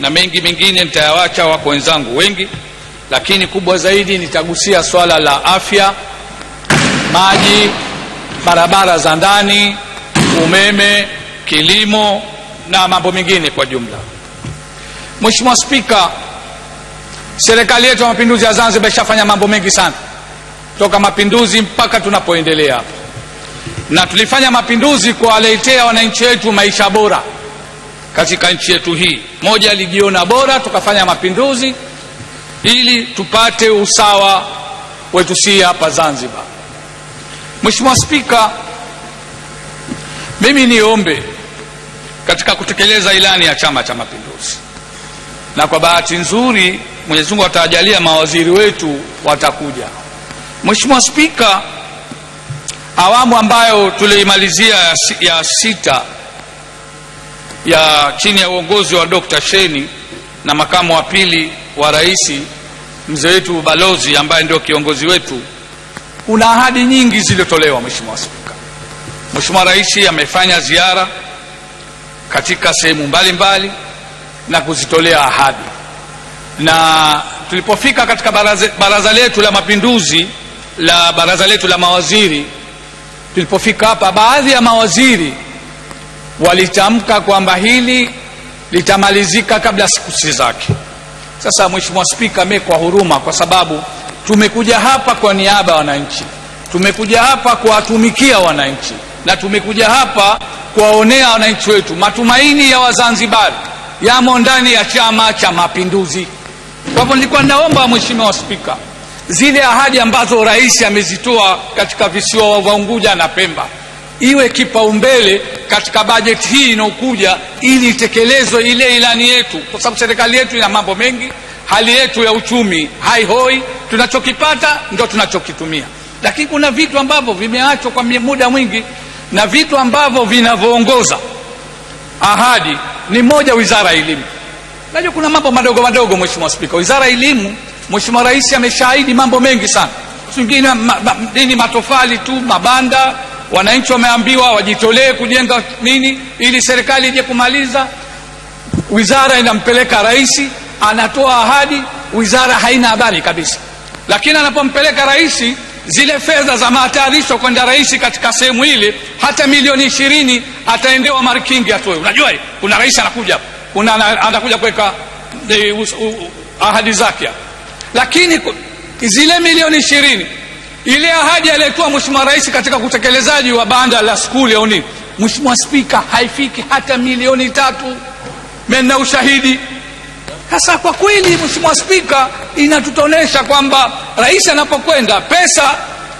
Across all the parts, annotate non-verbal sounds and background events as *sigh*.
na mengi mengine nitayawacha, wako wenzangu wengi, lakini kubwa zaidi nitagusia swala la afya, maji, barabara za ndani, umeme, kilimo na mambo mengine kwa jumla. Mheshimiwa Spika, serikali yetu ya mapinduzi ya Zanzibar ishafanya mambo mengi sana toka mapinduzi mpaka tunapoendelea hapa, na tulifanya mapinduzi kuwaletea wananchi wetu maisha bora katika nchi yetu hii. Moja alijiona bora, tukafanya mapinduzi ili tupate usawa wetu si hapa Zanzibar. Mheshimiwa Spika, mimi niombe katika kutekeleza ilani ya Chama cha Mapinduzi, na kwa bahati nzuri Mwenyezi Mungu atajalia mawaziri wetu watakuja. Mheshimiwa Spika, awamu ambayo tuliimalizia ya sita ya chini ya uongozi wa Dr. Sheni na makamu wa pili wa rais mzee wetu balozi ambaye ndio kiongozi wetu, kuna ahadi nyingi zilizotolewa. Mheshimiwa Spika, Mheshimiwa Rais amefanya ziara katika sehemu mbalimbali na kuzitolea ahadi, na tulipofika katika baraza, baraza letu la mapinduzi la baraza letu la mawaziri, tulipofika hapa baadhi ya mawaziri walitamka kwamba hili litamalizika kabla siku si zake. Sasa Mheshimiwa Spika, mimi kwa huruma, kwa sababu tumekuja hapa kwa niaba ya wananchi, tumekuja hapa kuwatumikia wananchi na tumekuja hapa kuwaonea wananchi wetu. Matumaini ya Wazanzibari yamo ndani ya Chama cha Mapinduzi. Kwa hivyo, nilikuwa ninaomba Mheshimiwa Spika, zile ahadi ambazo rais amezitoa katika visiwa vya Unguja na Pemba iwe kipaumbele katika bajeti hii inaokuja ili itekelezwe ile ilani yetu, kwa sababu serikali yetu ina mambo mengi. Hali yetu ya uchumi haihoi, tunachokipata ndo tunachokitumia, lakini kuna vitu ambavyo vimeachwa kwa muda mwingi na vitu ambavyo vinavyoongoza ahadi ni moja, wizara ya elimu. Najua kuna mambo madogo madogo, Mheshimiwa Spika, wizara ya elimu, Mheshimiwa Rais ameshaahidi mambo mengi sana, singine ma, ma, ni matofali tu mabanda wananchi wameambiwa wajitolee kujenga nini ili serikali ije kumaliza. Wizara inampeleka rais, anatoa ahadi, wizara haina habari kabisa. Lakini anapompeleka rais, zile fedha za matayarisho kwenda rais katika sehemu ile, hata milioni ishirini ataendewa markingi atoe. Unajua kuna rais anakuja, kuna anakuja kuweka eh, ahadi zake, lakini zile milioni ishirini ile ahadi aliyotoa Mheshimiwa Rais katika utekelezaji wa banda la skuli au mweshimua Mheshimiwa Spika, haifiki hata milioni tatu. mena ushahidi sasa. Kwa kweli, Mheshimiwa Spika, inatutonesha kwamba rais anapokwenda pesa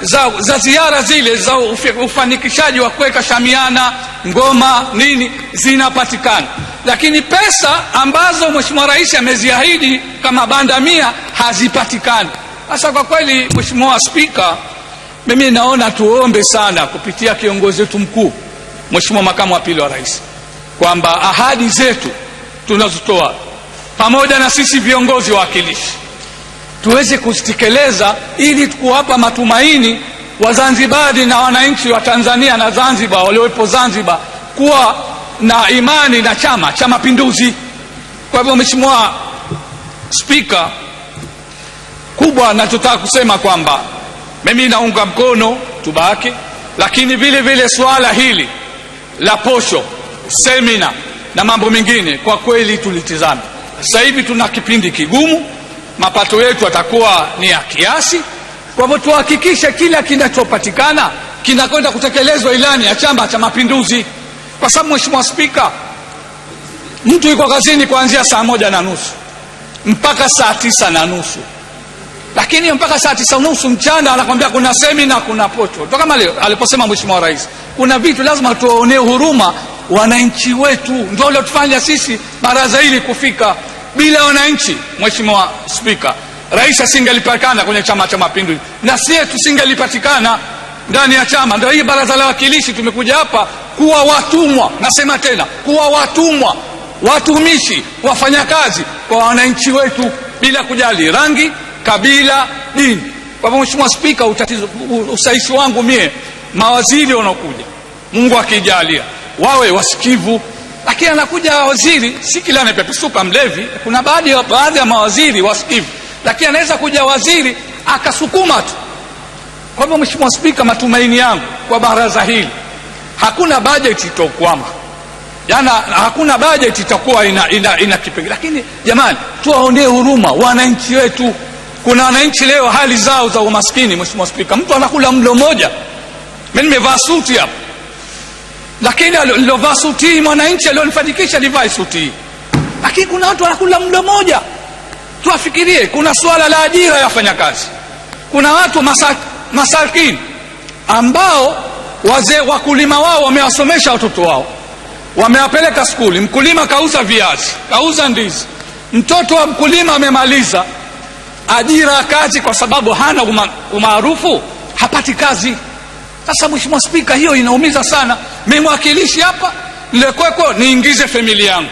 za, za ziara zile za ufanikishaji wa kuweka shamiana ngoma nini zinapatikana, lakini pesa ambazo Mheshimiwa Rais ameziahidi kama banda mia hazipatikani. Sasa kwa kweli, Mheshimiwa Spika, mimi naona tuombe sana kupitia kiongozi wetu mkuu Mheshimiwa Makamu wa Pili wa Rais kwamba ahadi zetu tunazotoa pamoja na sisi viongozi wawakilishi tuweze kuzitekeleza ili kuwapa matumaini Wazanzibari na wananchi wa Tanzania na Zanzibar waliowepo Zanzibar kuwa na imani na Chama cha Mapinduzi. Kwa hivyo, Mheshimiwa Spika kubwa nachotaka kusema kwamba mimi naunga mkono tubaki, lakini vile vile suala hili la posho, semina na mambo mengine, kwa kweli tulitizame. Sasa hivi tuna kipindi kigumu, mapato yetu atakuwa ni ya kiasi. Kwa hivyo tuhakikishe kila kinachopatikana kinakwenda kutekelezwa ilani ya Chama cha Mapinduzi, kwa sababu Mheshimiwa Spika, mtu yuko kazini kuanzia saa moja na nusu mpaka saa tisa na nusu lakini mpaka saa tisa unusu mchana anakwambia kuna semina, kuna pocho to, kama aliposema Mheshimiwa Rais, kuna vitu lazima tuwaonee huruma wananchi wetu, ndio waliotufanya sisi baraza hili kufika. Bila wananchi, Mheshimiwa Spika, rais asingelipatikana kwenye Chama cha Mapinduzi na sie tusingelipatikana ndani ya chama. Ndio hii baraza la wakilishi tumekuja hapa kuwa watumwa, nasema tena, kuwa watumwa, watumishi, wafanyakazi kwa wananchi wetu, bila kujali rangi kabila, dini. Kwa hivyo, Mheshimiwa Spika, utatizo usaishi wangu mie, mawaziri wanaokuja, Mungu akijalia wawe wasikivu, lakini anakuja waziri, si kila anapepesuka mlevi. Kuna baadhi ya mawaziri wasikivu, lakini anaweza kuja waziri akasukuma tu. Kwa hivyo, Mheshimiwa Spika, matumaini yangu kwa baraza hili, hakuna bajeti itokwama Yana, hakuna bajeti itakuwa ina, ina, ina kipengele, lakini jamani, tuwaonee huruma wananchi wetu. Kuna wananchi leo hali zao za umaskini, Mheshimiwa Spika, mtu anakula mlo mmoja. Mimi nimevaa suti hapa, lakini alilovaa suti hii mwananchi alionifanikisha livae suti hii, lakini kuna watu wanakula mlo moja Tuwafikirie. Kuna suala la ajira ya wafanyakazi, kuna watu masakini ambao wazee wakulima wao wamewasomesha watoto wao, wamewapeleka skuli. Mkulima kauza viazi, kauza ndizi, mtoto wa mkulima amemaliza ajira kazi, kwa sababu hana umaarufu hapati kazi. Sasa Mheshimiwa Spika, hiyo inaumiza sana. mimwakilishi hapa nilikweko, niingize familia yangu,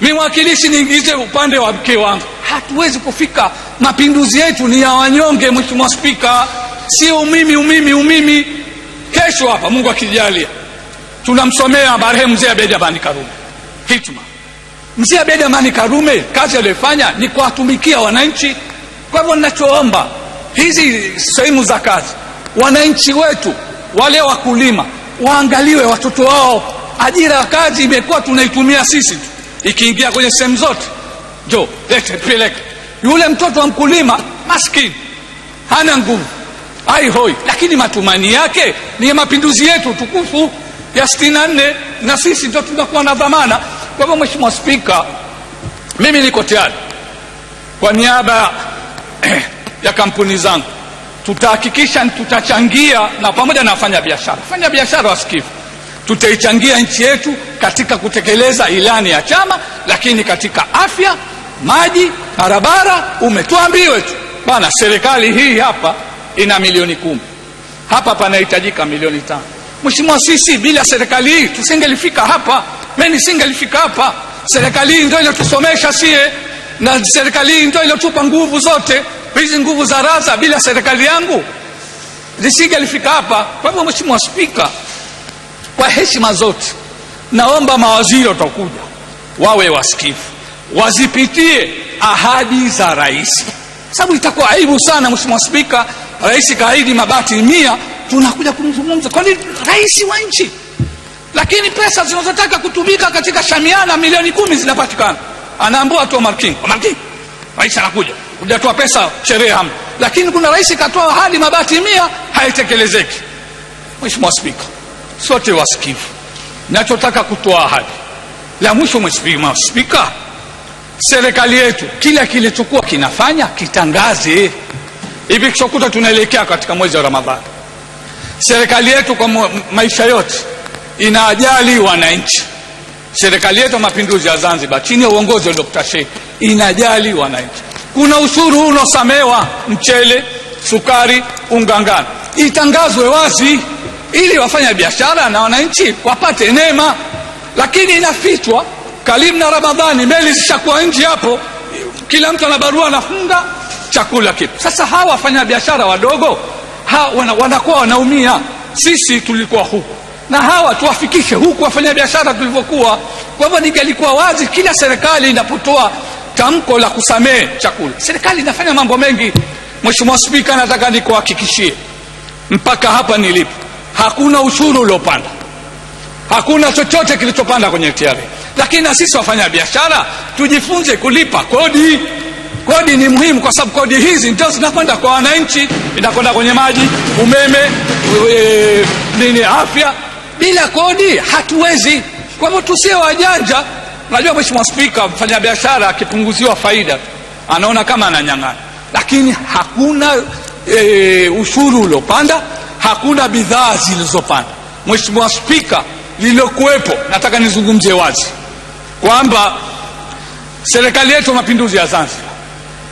mimwakilishi niingize upande wa mke wangu. Hatuwezi kufika. Mapinduzi yetu ni ya wanyonge, Mheshimiwa Spika, sio umimi, umimi, umimi. Kesho hapa Mungu akijalia, tunamsomea marehemu mzee abedi Amani Karume hitma. Mzee abedi Amani Karume kazi aliyofanya ni kuwatumikia wananchi. Kwa hivyo ninachoomba, hizi sehemu za kazi, wananchi wetu wale wakulima waangaliwe watoto wao. Ajira ya kazi imekuwa tunaitumia sisi tu, ikiingia kwenye sehemu zote, jo lete peleke Yule mtoto wa mkulima maskini hana nguvu ai hoi, lakini matumaini yake ni ya mapinduzi yetu tukufu ya sitini na nne, na sisi ndo tunakuwa na dhamana. Kwa hivyo, mweshimua Spika, mimi niko tayari kwa niaba *coughs* ya kampuni zangu, tutahakikisha tutachangia na pamoja na wafanya biashara, fanya biashara wasikivu, tutaichangia nchi yetu katika kutekeleza ilani ya chama, lakini katika afya, maji, barabara, umetuambiwe tu bana, serikali hii hapa ina milioni kumi, hapa panahitajika milioni tano. mweshimua sisi bila serikali hii tusingelifika hapa, mimi nisingelifika hapa. Serikali hii ndio iliotusomesha sie na serikali hii ndio iliotupa nguvu zote hizi, nguvu za raza. Bila serikali yangu lifika hapa. Kwa hivyo, Mheshimiwa Spika, kwa heshima zote, naomba mawaziri watakuja wawe wasikivu, wazipitie ahadi za rais, sababu itakuwa aibu sana. Mheshimiwa Spika, rais kaahidi mabati mia, tunakuja kumzungumza kwani rais wa nchi, lakini pesa zinazotaka kutumika katika shamiana milioni kumi zinapatikana anaambua atoa marking marking, rais anakuja hujatoa pesa, sherehe hamu. Lakini kuna rais katoa ahadi mabati mia, haitekelezeki. Mheshimiwa Spika, sote wasikivu, nachotaka kutoa ahadi la mwisho. Mheshimiwa Spika, serikali yetu kila kilichokuwa kinafanya kitangaze hivi, Kishokuta tunaelekea katika mwezi wa Ramadhani. Serikali yetu kwa maisha yote ina ajali wananchi Serikali yetu ya Mapinduzi ya Zanzibar chini ya uongozi wa Dr. Sheikh inajali wananchi. Kuna ushuru unosamewa mchele, sukari, unga ngano, itangazwe wazi ili wafanya biashara na wananchi wapate neema, lakini inafichwa. Karibu na Ramadhani meli zishakuwa nje hapo, kila mtu ana barua, anafunga chakula kipo. Sasa hawa wafanya biashara wadogo ha, wanakuwa wanaumia. Sisi tulikuwa huku na hawa tuwafikishe huku wafanyabiashara tulivyokuwa. Kwa hivyo ningelikuwa wazi, kila serikali inapotoa tamko la kusamehe chakula, serikali inafanya mambo mengi. Mheshimiwa Spika, nataka nikuhakikishie mpaka hapa nilipo hakuna ushuru uliopanda, hakuna chochote kilichopanda kwenye TRA. Lakini na sisi wafanya biashara tujifunze kulipa kodi. Kodi ni muhimu, kwa sababu kodi hizi ndio zinakwenda kwa wananchi, inakwenda kwenye maji, umeme, e, nini, afya. Bila kodi hatuwezi. Kwa hivyo tusiwe wajanja. Najua Mheshimiwa Spika, mfanyabiashara akipunguziwa faida anaona kama ananyang'ana, lakini hakuna e, ushuru uliopanda, hakuna bidhaa zilizopanda. Mheshimiwa Spika, lililokuwepo nataka nizungumzie wazi kwamba serikali yetu ya mapinduzi ya Zanzibar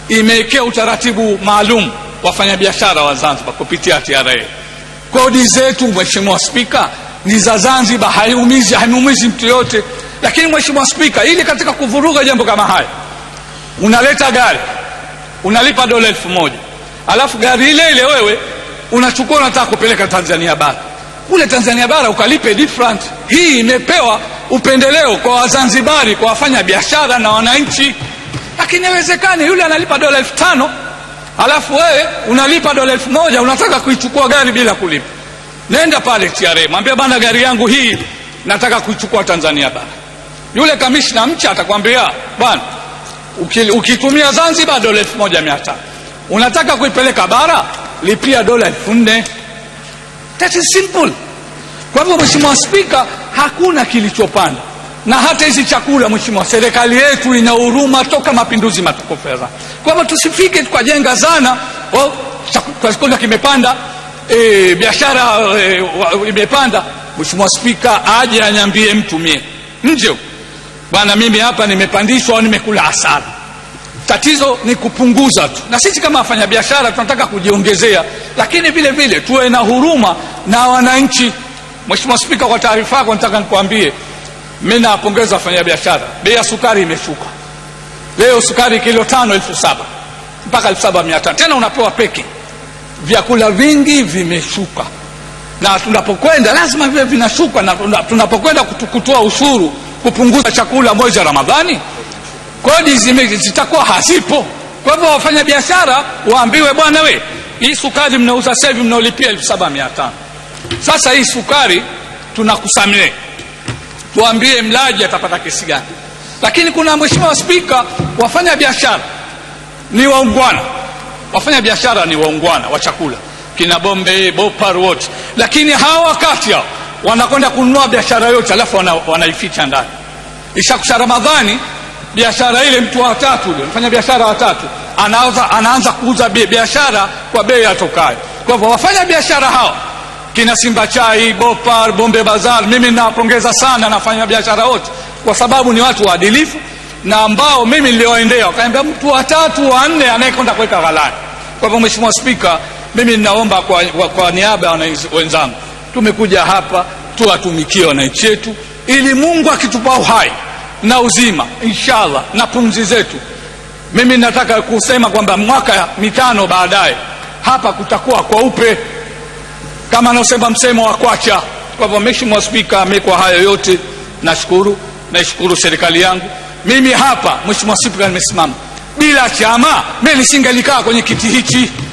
imewekea utaratibu maalum wafanyabiashara wa Zanzibar kupitia TRA. Kodi zetu Mheshimiwa Spika ni za Zanzibar, haiumizi haimuumizi mtu yoyote. Lakini Mheshimiwa Spika, ili katika kuvuruga jambo kama haya, unaleta gari unalipa dola elfu moja alafu gari ile ile wewe unachukua unataka kupeleka Tanzania bara kule Tanzania bara ukalipe different. Hii imepewa upendeleo kwa Wazanzibari, kwa wafanya biashara na wananchi, lakini haiwezekani yule analipa dola elfu tano alafu wewe unalipa dola elfu moja unataka kuichukua gari bila kulipa nenda pale TRA, mwambia bana, gari yangu hii nataka kuichukua Tanzania bana. Yule kamishna mcha atakwambia bana, ukitumia Zanzibar dola elfu moja mia tano unataka kuipeleka bara, lipia dola elfu nne That is simple. Kwa hivyo, Mheshimiwa Spika, hakuna kilichopanda na hata hizi chakula, Mheshimiwa, serikali yetu ina huruma toka mapinduzi matukufu ya zana. Kwa hivyo tusifike tukajenga zana, oh, chakula kimepanda e, biashara e, imepanda. Mheshimiwa Spika aje anyambie mtu mie nje bwana, mimi hapa nimepandishwa au nimekula hasara. Tatizo ni kupunguza tu, na sisi kama wafanyabiashara tunataka kujiongezea, lakini vile vile tuwe na huruma na wananchi. mweshimua Spika, kwa taarifa yako nataka nikuambie mi nawapongeza wafanyabiashara. Bei ya sukari imeshuka leo, sukari kilo tano elfu saba mpaka elfu saba mia tano tena unapewa peki vyakula vingi vimeshuka, na tunapokwenda lazima vile vinashuka, na tunapokwenda kutoa ushuru kupunguza chakula mwezi wa Ramadhani, kodi zitakuwa hazipo. Kwa hivyo wafanya biashara waambiwe, bwana we, hii sukari mnauza sasa mnaolipia elfu saba mia tano sasa hii sukari tunakusamee tuambie mlaji atapata kesi gani. Lakini kuna mheshimiwa Spika, wafanya biashara ni waungwana Wafanya biashara ni waungwana wa chakula, kina Bombe, Bopar wote, lakini hawa wakati hao wanakwenda kununua biashara yote alafu wanaificha wana ndani. Ishakusha Ramadhani, biashara ile mtu watatu ule mfanya biashara watatu anaanza, anaanza kuuza biashara kwa bei atokayo. Kwa hivyo wafanya biashara hao kina Simba Chai, Bopar, Bombe Bazar, mimi nawapongeza sana nafanya biashara wote, kwa sababu ni watu waadilifu na ambao mimi niliwaendea wakaniambia mtu watatu wanne anayekwenda kuweka ghalani. Kwa hivyo, Mheshimiwa Spika, mimi ninaomba kwa, kwa niaba ya wenzangu, tumekuja hapa tuwatumikie wananchi wetu ili Mungu akitupa uhai na uzima inshallah na pumzi zetu. Mimi nataka kusema kwamba mwaka mitano baadaye hapa kutakuwa upe kama anaosema msemo wa kwacha. Kwa hivyo, Mheshimiwa Spika, amekwa kwa hayo yote nashukuru, naishukuru serikali yangu. Mimi hapa Mheshimiwa Spika, nimesimama bila chama mi nisingelikaa kwenye kiti hichi.